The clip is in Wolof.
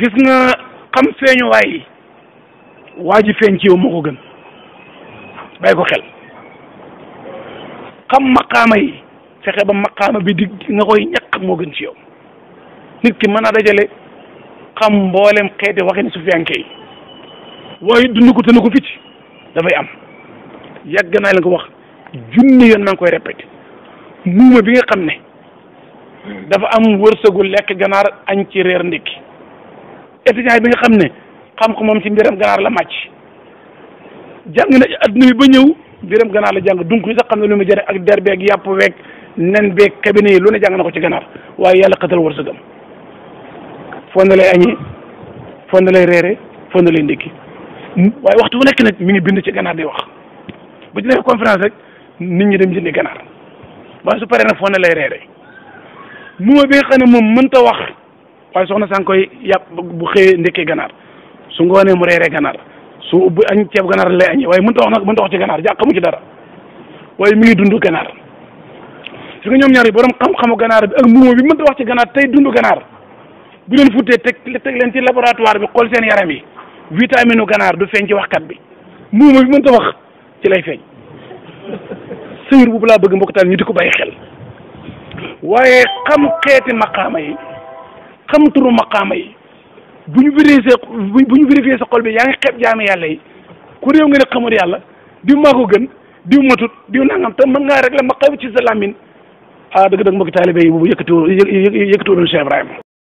gis nga xam feeñuwaay yi waa ji feeñ ci yow moo ko gën bàyyi ko xel xam maqaama yi fexe ba maqaama bi di nga koy ñàkk moo gën ci yow nit ki mën a dajale xam mboolem xeeti waxin su fiyanke yi waaye dund ko na ko fit dafay am yàgg naa la ko wax junni yoon maa koy répété muuma bi nga xam ne dafa am wërsëgu lekk ganaar añ ci reer ndékki étudiant bi nga xam ne xam moom ci mbiram ganaar la màcc jàng na adduna bi ba ñëw mbiram ganaar la jàng donc yi sax xam ne lu mu jëre ak der beeg yàpp weeg nen beeg cabinet yi lu ne jàng na ko ci ganaar waaye yàlla xatal wërsëgam foo na lay añee foo lay reere foo na lay ndékki waaye waxtu bu nekk nag mi ngi bind ci ganaar di wax ba ci defee rek nit ñi dem jëndi ganaar waaye su paree nag foo na lay reere moom bi nga moom mënta wax waaye soxna sang koy yàpp bu xëyee ndekkee ganaar su ngoonee mu reeree ganaar su bu añ ceeb ganaar lay añee waaye mënta wax nag mënta wax ci ganaar jàq xamu ci dara waaye mi ngi dund ganaar su ñoom ñaar borom xam ganaar bi ak muuma bi mënta wax ci ganaar tey dund ganaar bu leen futtee teg teg leen ci laboratoire bi xool seen yaram yi vitamine u ganaar du feeñ ci kat bi muuma bi mënta wax ci lay feeñ sëyur boobu laa bëgg mbokk taal ñu di ko bàyyi xel waaye xam xeeti maqaama yi xam turu maqaama yi bu ñu vérifié bu ñu vérifié sa xol bi yaa ngi xeeb jaami yàlla yi ku réew nga ne xamul yàlla diw maa ko gën diw matut diw nangam te mën ngaa régler maqaama ci sa làmmiñ ah dëgg-dëgg mbokki taalibe yi boobu yëkkatiwul yëkkatiwuloon Cheikh Ibrahima